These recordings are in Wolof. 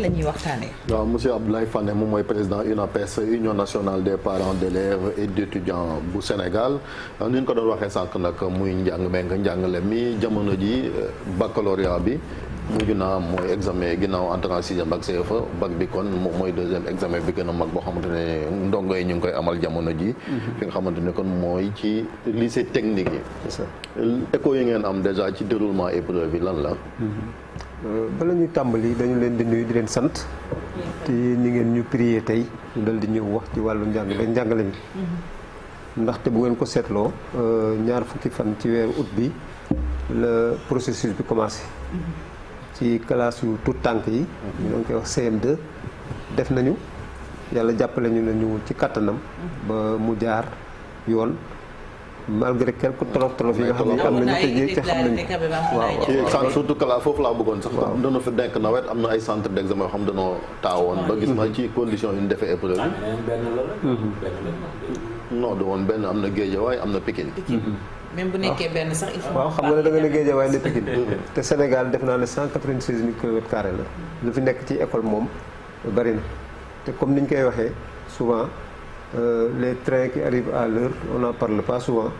la ñuy waxtaanee. waaw monsieur Abdoulaye Fane moom mooy président UNAPES union nationale des parents d'élèves et d'étudiants bu Sénégal ni ñu ko doon waxee sànq nag muy njàng meeg njàngale mi jamono ji euh, baccalauréat bi. mujj naa mooy examen ginnaaw entrée en sixième ak CFA e, bac bi kon moom mooy deuxième examen bi gën a mag boo xamante ne ndongo yi ñu ngi koy amal jamono ji mhm. fi nga xamante ne kon mooy ci lycée technique yi écho yi ngeen am déjà ci déroulement épreuve yi lan la mhm. bala ñuy tàmbali dañu leen di nuyu di leen sant te ñi ngeen ñu prier tey ñu dal di ñëw wax ci wàllu njàngale njàngale mi ndaxte bu ngeen ko seetloo euh, ñaar fukki fan ci weeru août bi la processus bi commencé ci classe yu tout tànk yi ñu doon koy wax CM2 def nañu yàlla jàppale ñu ci ba mu jaar yoon malgré quelques tolof tolof yi nga xam ne am nañu ko ji te xam nañu ko waaw surtout que la foofu laa bëggoon sax dana na ay centre d' examen naa woon benn am na Géejawaay am na Pikine mhm. même bu ah. waaw xam nga ne da nga ne Géejawaay ne Pikine mhm. te Sénégal def naa ne 196 la lu fi nekk ci école moom bari na te comme ñu koy waxee souvent Euh, les trains qui arrivent à l'heure on n'en parle pas souvent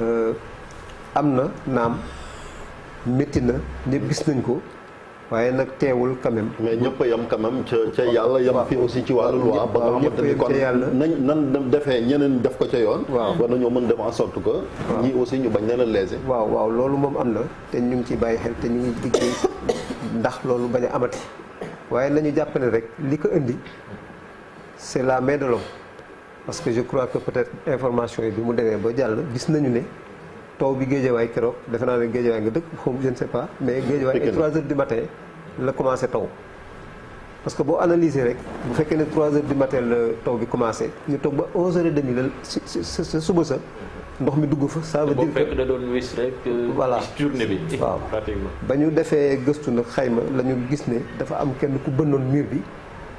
euh, am na naam metti na ñëpp gis nañ ko waaye nag teewul quand même. mais ñëpp yam quand même ca ca yàlla yam fi aussi ci wàllu loi ba nga xamante nañ nan defee ñeneen def ko ca yoon. waaw war nañoo mën def en sorte aussi ñu bañ leen a léser. waaw waaw loolu moom am na te ñu ngi ciy bàyyi xel te ñu ngi liggéey ndax loolu bañ a amati waaye nañu jàpp rek li ko indi c'est la main de l'homme parce que je crois que peut-être information yi bi mu demee ba jàll gis nañu ne taw bi géejawaay keroog defe naa ne géejawaay nga dëkk xaw je ne sais pas mais géejawaay ay 3 heures du matin le commencé taw parce que boo analyser rek bu fekkee ne 3 heures du matin le taw bi commencé ñu toog ba 11 heures et demie la ce suba sa ndox mi dugg fa ça veut dire que da doon wis rek euh, voilà journée bi waaw pratiquement ba ñu defee gëstu nag xayma la ñu gis ne dafa am kenn ku bënnoon mur bi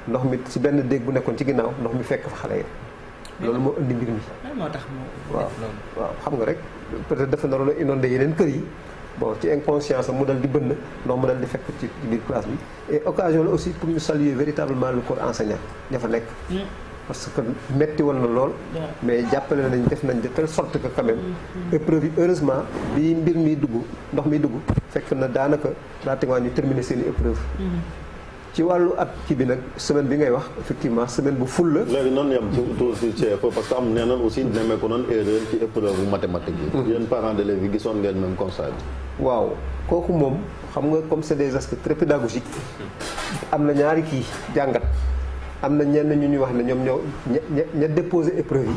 ndox mi ci benn déeg bu nekkoon ci ginnaaw ndox mi fekk fa xale yi loolu moo indi mbir mi. moo tax mu waaw waaw xam nga rek peut-être dafa naroon a inondé yeneen kër yi. bon ci inconscience mu dal di na non mu dal di fekk ci biir classe bi et occasion la aussi pour ñu saluer véritablement le corps enseignant dafa nekk hmm. parce que metti woon na lool mais jàppale nañ def nañ de telle que quand même hmm, hmm. épreuve yi bi mbir mi dugg ndox mi dugg fekk na daanaka pratiquement ñu terminer seen i épreuve ci wàllu at kii bi nag semaine bi ngay wax effectivement semaine bu ful la. léegi noonu yam ci tuuti ci parce que am nee nañ aussi nemmeeku noonu erreur ci épreuve mathématique yi. Mm-hmm. yéen parents d'élèves yi gisoon ngeen même constat bi. waaw kooku moom xam nga comme c'est des aspects très pédagogiques am na ñaari kii jàngat am na ñenn ñu ñuy wax ne ñoom ñoo ña ña déposé épreuve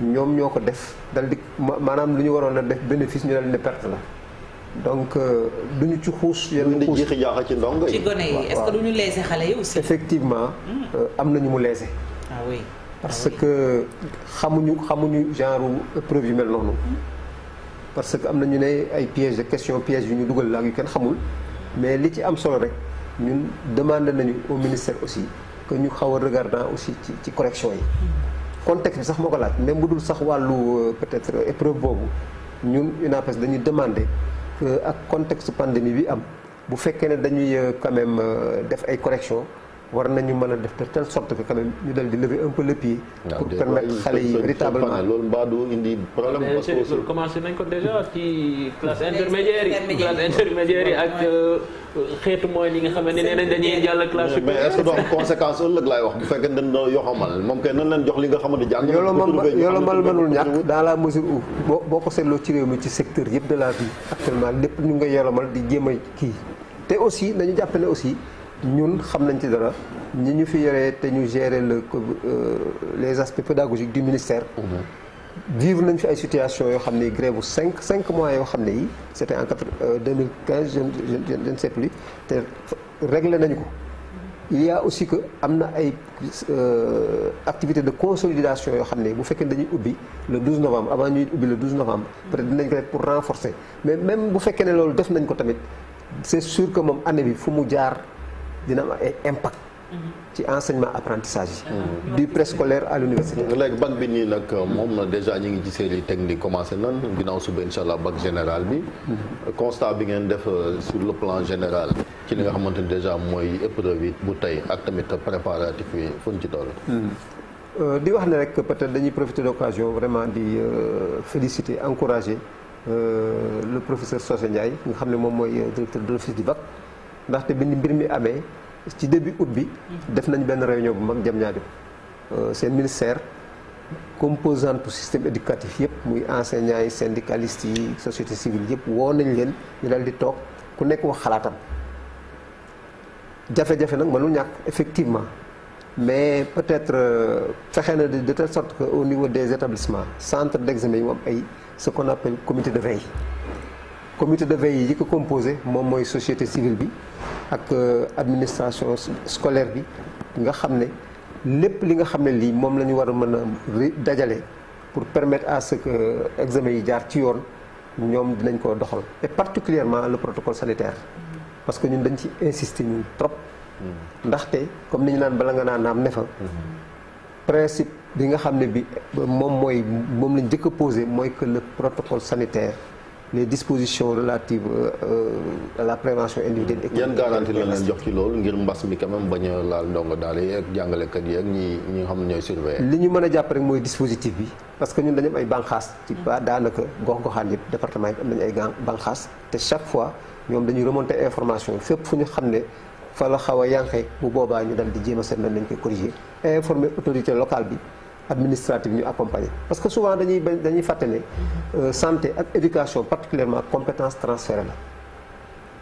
yi ñoom ñoo ko def dal di maanaam lu ñu waroon a def bénéfice ñu dal ne perte la. donc euh, duñu ñu ci xuus. yenn xuus ci gone yi est-ce que duñu ñu léser xale yi aussi. effectivement hmm. euh, amnañu mu léser. ah oui parce ah que xamuñu xamuñu genre preuve yu mel noonu. parce que amnañu né ay pièges de questions pièges yu ñu duggal la ak yu kenn xamul mais li ci am solo rek ñun demandé nañu au ministère aussi que ñu xaw a regardant aussi ci ci correction yi. Hmm. contexte bi sax moo ko laaj même bu sax walu euh, peut-être épreuve bobu ñun UNAPES dañuy demander ak contexte pandémie bi am bu fekkene dañuy euh, quand même euh, def ay correction war nañu mën a def de telle sorte que xale ñu dal di lever un peu le pied. pour permettre xale yi véritablement loolu mbaa du indi problème. parce que loolu commencé nañ ko déjà ci classe intermédiaire yi. classe intermédiaire yi ak euh, xeetu mooy li nga xam ne nee nañ dañuy jàll classe. mais est-ce que du am conséquence ëllëg laay wax bu fekkee dañ doon yoxamal moom kay nan leen jox li nga xamante jàng. yolomal mënul ñàkk dans la mesure où boo boo ci réew mi ci secteur yëpp de la vie actuellement lépp ñu nga yolomal di jéem a kii aussi nañu jàpp aussi ñun xam nañ ci dara ñi ñu fi yoree te ñu gérer le euh, les aspects pédagogiques du ministère. Mhm. vivre nañ fi ay situation yoo xam ne grève 5 cinq mois yoo xam ne yi c' était en quatre euh, deux mille quinze je ne sais plus te régler nañ ko. il y a aussi que am na ay euh, activité de consolidation yoo xam ne bu fekkee dañuy ubbi le 12 novembre avant ñuy ubbi le 12 novembre peut-être dinañ ko def pour renforcer mais même bu fekkee ne loolu def nañ ko tamit c'est sûr que moom année bi fu mu jaar dina am ay impact ci enseignement apprentissage ah, mm. du préscolaire à l'université Le bac bi ni nak moom déjà ñi ngi ci série technique commencé nan ginnaaw suba inshallah bac général bi. Mm-hmm. constat bi ngeen def euh, sur le plan général. ci li nga xamante déjà moy épreuve bu tay ak tamit préparatif yi fu ñu ci toll. Mm. Euh, di wax ne rek peut-être dañuy profiter d'occasion vraiment di euh, féliciter encourager le professeur Sosé Ndiaye nga xam mom moy directeur de l'office du bac. ndaxte bi mbir mi amee ci début août bi. Hmm. def nañ benn réunion bu mag jam ñaajo euh, seen ministère composante système éducatif yëpp muy enseignants yi syndicalistes yi société civile yëpp woo nañ leen ñu daal di toog ku nekk wax xalaatam jafe-jafe nag mënul ñàkk effectivement mais peut-être euh, fexe na de telle sorte que au niveau des établissements centre d'examen yi mu am ay ce qu'on appelle comité de veille. comité de veille yi ko composé mom moy société civile bi ak euh, administration scolaire bi nga xamné lepp li nga xamné nous mom lañu wara mëna dajalé pour permettre à ce que euh, examen yi jaar ci yoon dinañ ko doxal et particulièrement le protocole sanitaire parce que nous dañ ci insister trop mm. ndaxte comme nous l'avons dit bala nga nan am mm-hmm. principe bi nga xamné bi le protocole sanitaire les dispositions relatives euh, à la prévention individuelle. yan garantie la leen jox ci loolu ngir mbas mi a laal ndongo daal yi ak jàngalekat yi ak ñi ñi nga xam ñooy surveiller. li ñu mën a jàpp rek mooy dispositif bi parce que ñun dañu am ay banqaas ci mm. ba daanaka gox-goxaan yëpp département yi am nañu ay banqaas te chaque fois ñoom dañuy remonter information fépp fu ñu xam ne. fa la xaw a yànqee bu boobaa ñu dal di jéem a seet nañ koy corriger informer autorité local bi administrative ñu accompagner parce que souvent dañuy bañ dañuy euh, santé et éducation particulièrement compétences transférées. là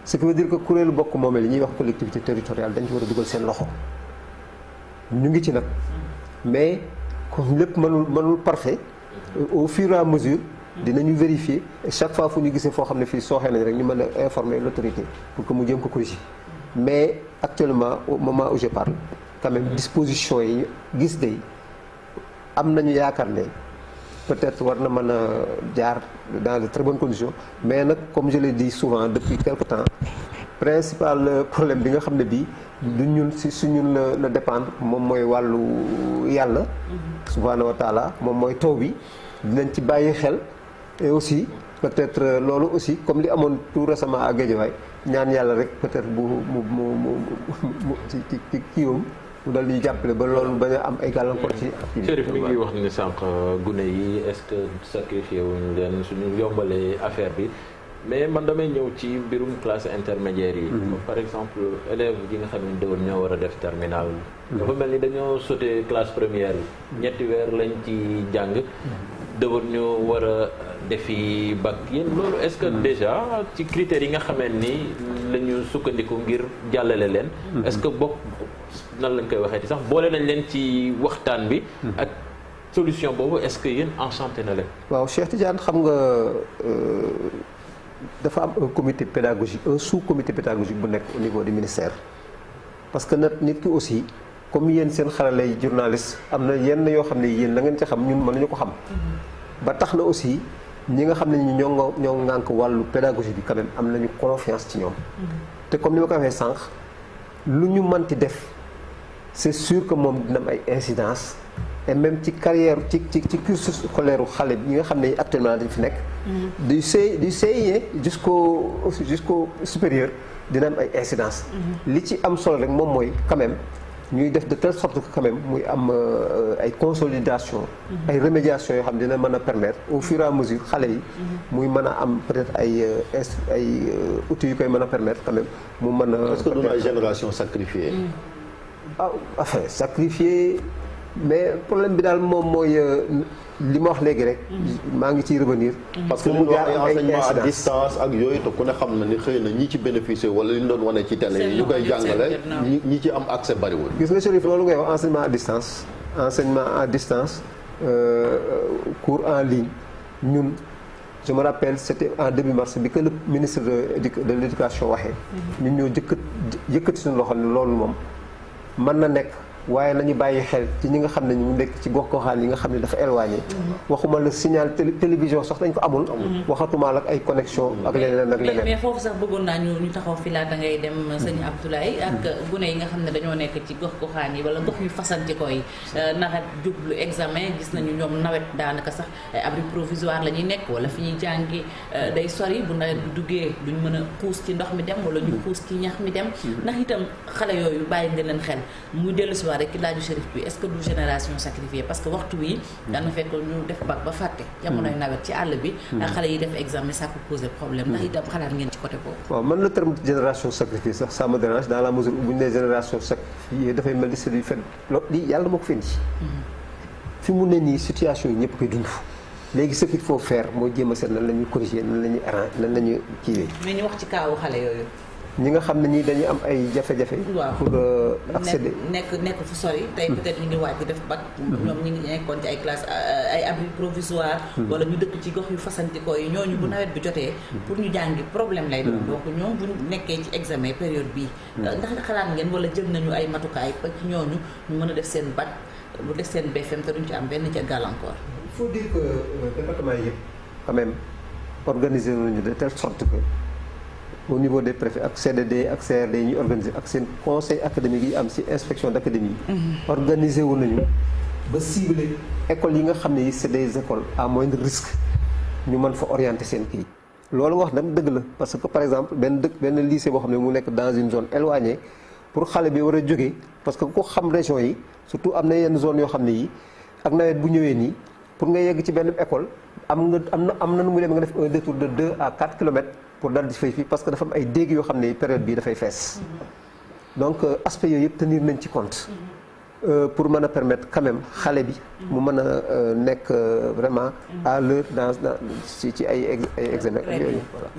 ce qui veut dire que les bokk territoriales yi ñuy wax collectivité territoriale dañ ci war a dugal loxo ñu mais comme lépp mënul parfait euh, au fur et à mesure nous vérifier et chaque fois fu ñu gisee foo xam informer l'autorité pour que nous jéem ko corriger mais actuellement au moment où je parle quand même disposition yi gis am nañu yaakaar ne peut-être war na mën a jaar dans de très bonnes mais nag comme je l'ai dit souvent depuis quelque temps principal problème bi nga xam ne bii du ñun si su ñun la dépendre moom mooy wàllu yàlla subhaanahu wa taala moom mooy taw bi dinañ ci bàyyi xel et aussi peut-être loolu aussi comme li amoon tout récemment à Guédiawaye ñaan yàlla rek peut-être bu mu mu mu mu ci ci ci kiiwam mu dal di jàppale ba loolu ba am ay gàllankoor ci. Chérif mi ngi wax ni sànq gune yi est-ce que sacrifié wuñ leen suñu yombalee affaire bi. mais man damay ñëw ci mbirum classe intermédiaire yi. Mhm. par exemple élèves yi nga xam ne dëwër ñoo war a def terminal mhm. dafa mel ni dañoo sauté classe première yi. Mhm. ñetti weer lañ ci jàng. dëwër ñoo war a defi bac yéen loolu est que déjà ci critères yi nga xamee ni lañu sukkandiku ngir jàllale leen. est-ce que bokk nan lañ koy waxee ci sax boole nañ leen ci waxtaan bi. Mhm. ak solution boobu est-ce que yéen enchanté na leen. waaw Cheikh Tidiane xam nga euh, dafa am commité comité pédagogique sous-comité pédagogique bu nekk au niveau du ministère. parce que nag nit ki aussi comme yéen seen xarale yi journaliste am na yenn yoo xam ne yéen la ngeen ci xam ñun mën nañu ko xam. Mhm. ba tax na aussi ñi nga xam ne ñoo ñoo ñoo ŋànk wàllu pédagogie bi quand am nañu confiance ci ñoom. Mhm. te comme ni ma ko def. c'est sûr que mon dina incidence et même ci carrière ci ci cursus scolaire u xale bi ñi nga actuellement des fi mm-hmm. du CIE jusqu'au jusqu'au supérieur dina incidence mm-hmm. li ci am solo rek quand même nous def de telle sorte que quand même muy am euh, ay consolidation mm-hmm. ay remédiation yoo xam dina permettre au fur et à mesure xale yi muy am peut-être ay euh, ay euh, outils yu permettre quand même mu mën est-ce que la génération sacrifiée mm ah enfin sacrifié mais problème bi daal moom mooy euh, li ma wax léegi rek. maa ngi revenir. Mm-hmm. parce que mu jaar ay enseignement à distance ak yooyu te ku ne xam na ni xëy na ñi ci bénéficier wala li ñu doon wane ci télé yi ñu koy jàngale ñi ci am accès bariwul. gis nga Chérif loolu ngay wax enseignement à distance enseignement à distance euh, cours en ligne ñun. je me rappelle c'était en début mars bi que le ministre de de l'éducation waxee. Mm-hmm. ñun ñoo jëkkat yëkkati suñu loxo ne loolu moom. mën na nekk waaye nañu bàyyi xel ci ñi nga xam ne ñu nekk ci gox-goxaan yi nga xam ne dafa éloigné waxuma la signal télévision sax dañ ko amul waxatuma ak ay connexion ak leneen ak leneen mais sax bëggoon naa ñu ñu taxaw ngay dem sëñ Abdoulaye mm. gune yi nga xam ne dañoo nekk ci gox-goxaan yi wala gox yu fasante ko yi euh, nawet jublu examen gis nañu ñoom nawet daanaka sax ay abri provisoire la ñuy nekk wala fi ñuy jàngi euh, mm. day sori bu nawet bi duggee ñu mën a puus ci ndox mi dem wala ñu puus mm. ci ñax mi dem ndax itam xale yooyu bàyyi nga histoire rek ki laaju shérif bi est-ce que du génération sacrifiée parce que waxtu wi dana fekk ñu def bac ba fàtte jamonoy nawet ci all bi hmm. xalé yi def examen ça peut poser problème ndax itam xalaat ngeen ci côté boobu waaw man le terme génération sacrifiée sax ça me dérange dans la mesure où bu ñu génération sacrifiée dafay mel ni c'est du fait lii yàlla moo ko fi indi hmm. fi mu né ni situation yi ñëpp koy dund léegi ce qu'il faut faire mooy jéem a seet nan la ñuy corriger nan la ñuy arranger nan la ñuy kiiwee mais ñu wax ci kaawu xale yooyu ñi nga xam ne ñii dañuy am ay jafe-jafe. waaw pour euh, accéder nekk nekk fu sori. Hmm. tey peut-être ñu ngi waaj di def bac. Hmm. ñoom ñu ngi nekkoon ci ay classe euh, ay abri provisoire. Hmm. wala ñu dëkk ci gox yu fasantikoo yi ñooñu bu nawet bi jotee. pour ñu jàngi problème lay doon. donc ñoom bu nekkee ci examen période bii. Euh, ndax xalaat ngeen wala jël nañu ay matukaay ba ñooñu ñu mën a def seen bac bu def seen BFM te duñ ci am benn ca gàllankoor. foo faut dire que département yëpp quand même organisé nañu de au niveau des préfets ak CDD ak CRD yi ñuy organiser ak seen conseil académique yi am ci inspection d' yi. Mhm. organiser wu nañu ba cibler écoles yi nga xam ne yi c' est des écoles à moindre risque ñu mën fa orienter seen kii. loolu wax dam dëgg la parce que par exemple benn dëkk benn lycée boo xam ne mu nekk dans une zone éloignée pour xale bi war a jógee parce que ku xam région yi surtout am na yenn zone yoo xam ne yi ak nawet bu ñëwee nii pour nga yegg ci benn école am nga am na am na nu muy demee nga def un à 4 kilomètres. pour dal di fay parce que dafa am ay dégg yoo xam période bi dafay fees mhm. donc euh, aspect yooyu yëpp tenir nañ ci compte mhm. euh, pour mën permettre quand même xale bi mu mën a euh, nekk euh, vraiment à l'heure dans ci ci ay examen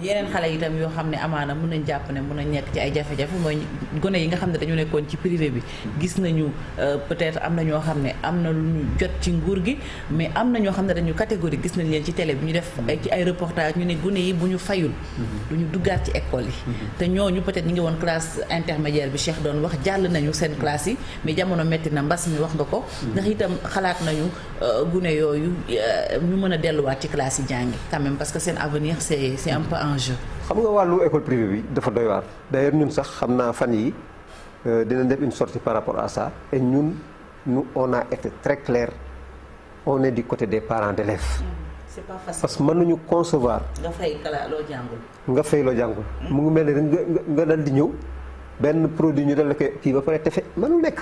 yeneen xale yi itam yoo xam ne amaana mën nañ jàpp ne mën nañ nekk ci ay jafe-jafe mooy gone yi nga xam ne dañu nekkoon ci privé bi gis nañu euh, peut-être am na ñoo xam ne am na lu ñu jot ci nguur gi mais am na ñoo xam ne dañu catégorie gis nañ leen ci tele bi ñu def mm-hmm. ci ay reportage ñu ne gune yi bu ñu fayul mm-hmm. du ñu duggaat ci école yi mm-hmm. te ñooñu peut-être ñi ngi woon classe intermédiaire bi Cheikh doon wax jàll nañu seen classe yi mais jamono metti na mbas mi wax nga ko nañu euh, gune yooyu euh, ñu mën a delluwaat ci classe yi jàngi quand même parce que seen avenir c'est c'est un peu en jeu. xam nga wàllu école privée bi dafa doy waar d'ailleurs ñun sax xam naa fan yi euh, dinañ def une sortie par rapport à ça et ñun nous on a été très clair on est du côté des parents d'élèves. Mm, c'est pas facile parce que mënuñu concevoir. nga fay kala loo jàngul. nga fay loo jàngul. mu ngi mel ni nga nga dal di ñëw benn produit ñu dal la koy kii ba pare te fe mënul nekk.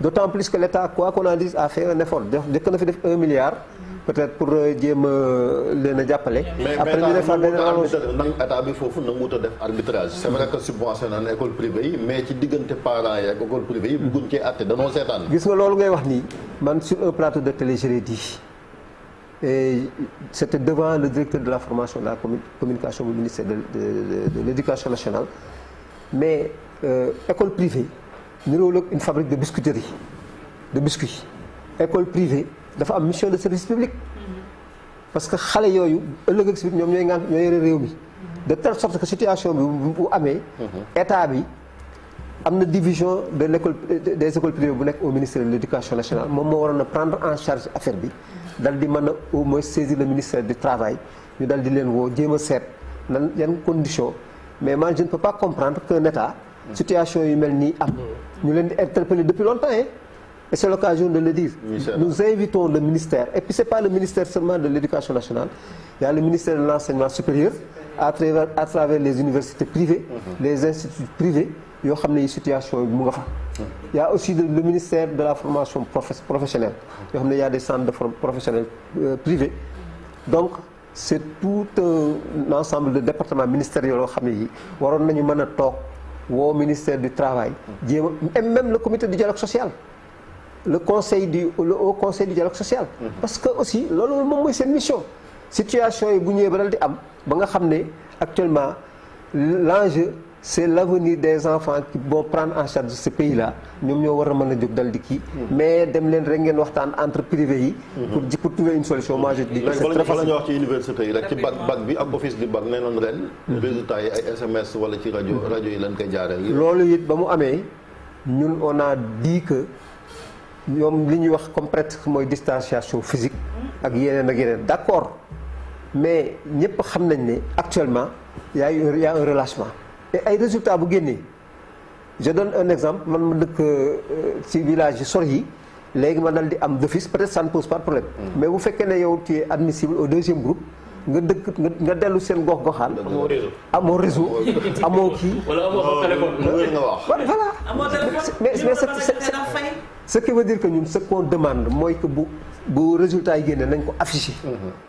d'autant plus que l'État quoi qu'on en dise a fait un effort dès qu'on a fait un milliard peut-être pour euh, euh, le le après mais il bi foofu arbitrage. c'est vrai que subvention na école privée mais ci diggante parents yi école privée yi bëgguñ cee àtte danoo seetaan. que nga que ngay wax sur un plateau de télé je dit et c'était devant le directeur de la formation de la communication du ministère de de l'éducation nationale mais euh, école privée avons une fabrique de biscuiterie de biscuits. école privée dafa am mission de service public. parce que xalé yoyu ëllëg ak si ñom ñoy ngant ñoy de telle sorte que situation bi bu amee. Mhm. état bi amna division de l'école des écoles privées bu nek au ministère de l'Éducation nationale mom mo warona prendre en charge affaire bi. dal di mëna au moins saisir le ministère du travail ñu dal di leen wo jéem a nan condition mais moi, je ne peux pas comprendre qu'un état situation humaine nous depuis longtemps hein. et c'est l'occasion de le dire nous invitons le ministère et puis c'est pas le ministère seulement de l'éducation nationale il y a le ministère de l'enseignement supérieur à travers à travers les universités privées mhm. les instituts privés il y a aussi le ministère de la formation professionnelle il y a des centres de formation professionnelle euh, privés donc c'est tout un ensemble de départements ministériels il y au ministère du travail et même le comité du dialogue social le conseil du haut conseil du dialogue social mm-hmm. parce que aussi c'est une mission mission situation est bu actuellement l'enjeu c'est l'avenir des enfants qui vont prendre en charge ce pays-là Nous mm-hmm. mais nous entre privés mm-hmm. pour trouver une solution. moi je dis c'est très facile wax université yi SMS a dit que nous avons complètement wax distanciation physique. Mm-hmm. d'accord mais nous savons actuellement il y a un relâchement et ay résultats bu je donne un exemple man ma dëkk euh, ci village yi sor yi léegi ma dal di am d'office peut-être ça ne pose pas problème mm. mais bu fekké né yow tu es admissible au deuxième groupe nga dëkk nga déllu seen gox goxaan. amoo réseau amoo kii. wala amoo téléphone. voilà. amoo téléphone mais mais ce qui veut dire que ñun ce qu'on demande mooy que bu bu résultat yi génne nañ ko afficher mm-hmm.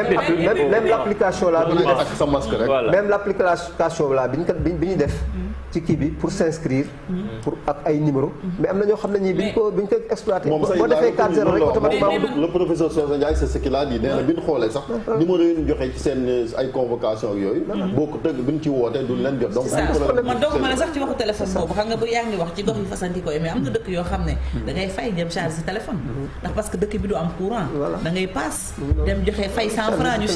même l'application là même l'application là def ci kii bi pour s'inscrire mm-hmm. pour ak ay numéro mm-hmm. mais am na ñoo xam ne ñii bi ñu ko bi ñu ko exploité boo defee 4 0 rek automatiquement bi ñu xoolee sax numéro yi ñu joxee ci seen euh, ay convocation yooyu mm-hmm. boo ko tëgg bi ñu ci wootee duñ leen jot donc man doog ma la sax ci waxu téléphone boobu xam nga bu yaa ngi wax ci gox yi fasantikoo yi mais am na dëkk yoo xam ne da fay dem charge sa téléphone ndax parce dëkk bi du am courant da paas dem joxee fay 100 francs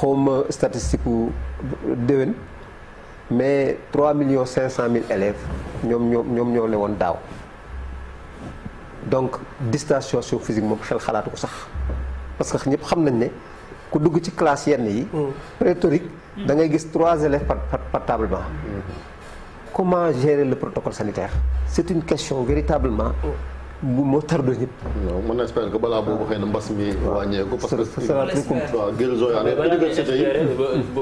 comme statistique u mais 3 500 000 élèves ñom ñom ñom niom ne donc distanciation physique mom xel xalatuko sax parce que nous xam nañ né ku dugg ci classe yenn yi hmm. rhétorique hmm. da ngay trois élèves par par table hmm. comment gérer le protocole sanitaire c'est une question véritablement moo tardé ñëpp. waaw man espère que balaa boobu xëy na mbas mi wàññeeku. parce que salaamaaleykum waaw guérison yaa ngi université yi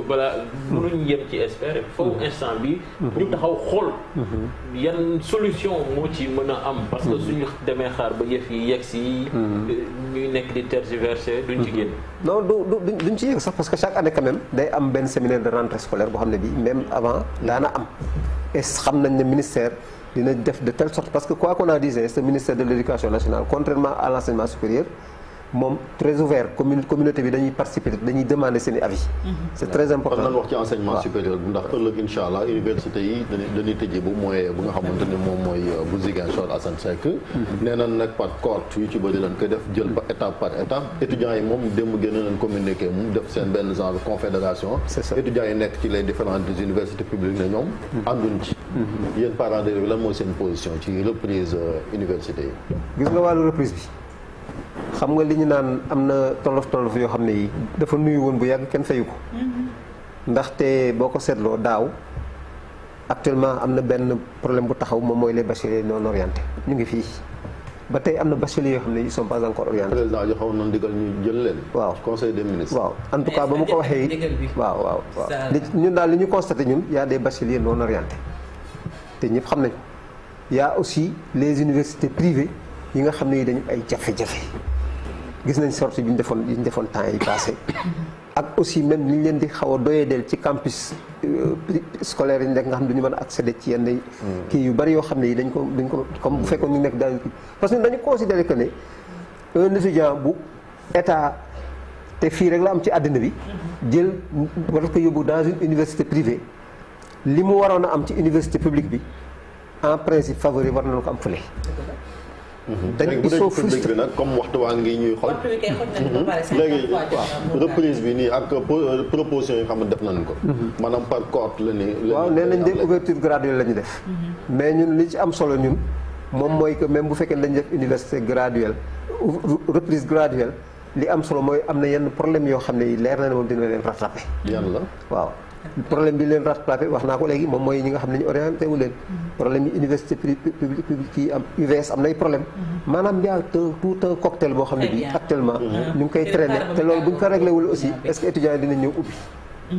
balaa mënuñ yem ci espérer foofu mm-hmm. instant bi mm-hmm. ñu taxaw xool. Mm-hmm. yan solution moo ci mën a am. parce que suñu demee xaar ba yëf yi yegg si. ñuy nekk di tergiverser duñ ci génn. non du duñ ci yegg sax parce que chaque année quand même day am benn séminaire de rentrée scolaire boo xam ne bii même avant daana am xam nañ ne ministère. de telle sorte parce que quoi qu'on en dise ce ministère de l'éducation nationale contrairement à l'enseignement supérieur moom très ouvert commune communauté bi dañuy participer dañuy demander seen avis. Mhm. c'est très important kon wax ci enseignement supérieur bi ndax ëllëg incha allah université yi dañuy tëjee bu mooy bu nga xamante ni moy mooy euh, bu Ziguinchor Assane Seck. Mhm. nee nañ nag par cohorte yu ci bëri lañ koy def jël par étape par étape mhm. étudiant yi moom démb génn nañ communiquer mu def seen ben genre confédération. étudiant yi nek ci les différentes universités publiques ne ñoom. ànduñ ci. yéen parents d'élèves lan mooy seen position ci reprise euh, université gis nga wàllu reprise bi. xam nga li ñu naan am na tolof tolof yoo xam ne yi dafa nuyu woon bu yàgg kenn fayu ko mm-hmm. ndaxte boo ko seetloo daaw actuellement am na benn problème bu taxaw moom mooy les bacheliers non orientés ñu ngi fii ba tey am na bacheliers yoo xam ne ils sont pas encore orientés. président joxoon na ndigal ñu jël leen. waaw conseil des ministres. waaw en tout cas ba mu ko waxee waaw waaw waaw. ñun daal li ñu constaté ñun y a des bacheliers non orientés te ñëpp xam nañu yaa aussi les universités privées yi nga xam ne yi dañu ay jafe-jafe. gis nañ sortie bi ñu defoon yi temps yi passé ak aussi même leen di xaw a doyedeel ci campus euh, scolaire yi nekk nga xam duñu mën accéder ci yenn kii yu bari yoo xam dañ ko dañ ko comme bu fekkoon ñu nekk daal parce que dañu considérer que ne un étudiant bu état rek la am ci bi jël war ko dans une université privée am ci université publique bi en principe favori war nañu ko am dañ il faut public bi nag comme waxtu waa ngi ñuy xool. Mhm. léegi waaw reprise bi nii ak euh, proposition yi xam def nañ ko. Mhm. maanaam par cohorte la ni waaw nee nañ de ouverture graduelle la ñu def. Mhm. mais ñun li ci am solo ñun moom mooy que même bu fekkee dañ def université graduelle reprise graduelle li am solo mooy am na yenn problème yoo xam ne leer na ne moom dina leen rattrapé. yan waaw. problème bi leen rattrapé wax naa ko léegi moom mooy ñi nga xam ne ñu orienté wu leen problème yi université publique publique yi am UVS am nay problème maanaam yaa tout un cocktail boo xam ne bi actuellement ñu ngi koy traîné te loolu bu ñu ko réglé wul aussi est-ce que étudiants yi dinañ ñëw ubbi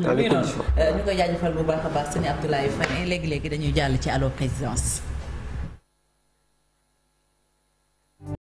dans les conditions koy jaajëfal bu baax a baax sëñ Abdoulaye Fane léegi-léegi dañuy jàll ci allo présidence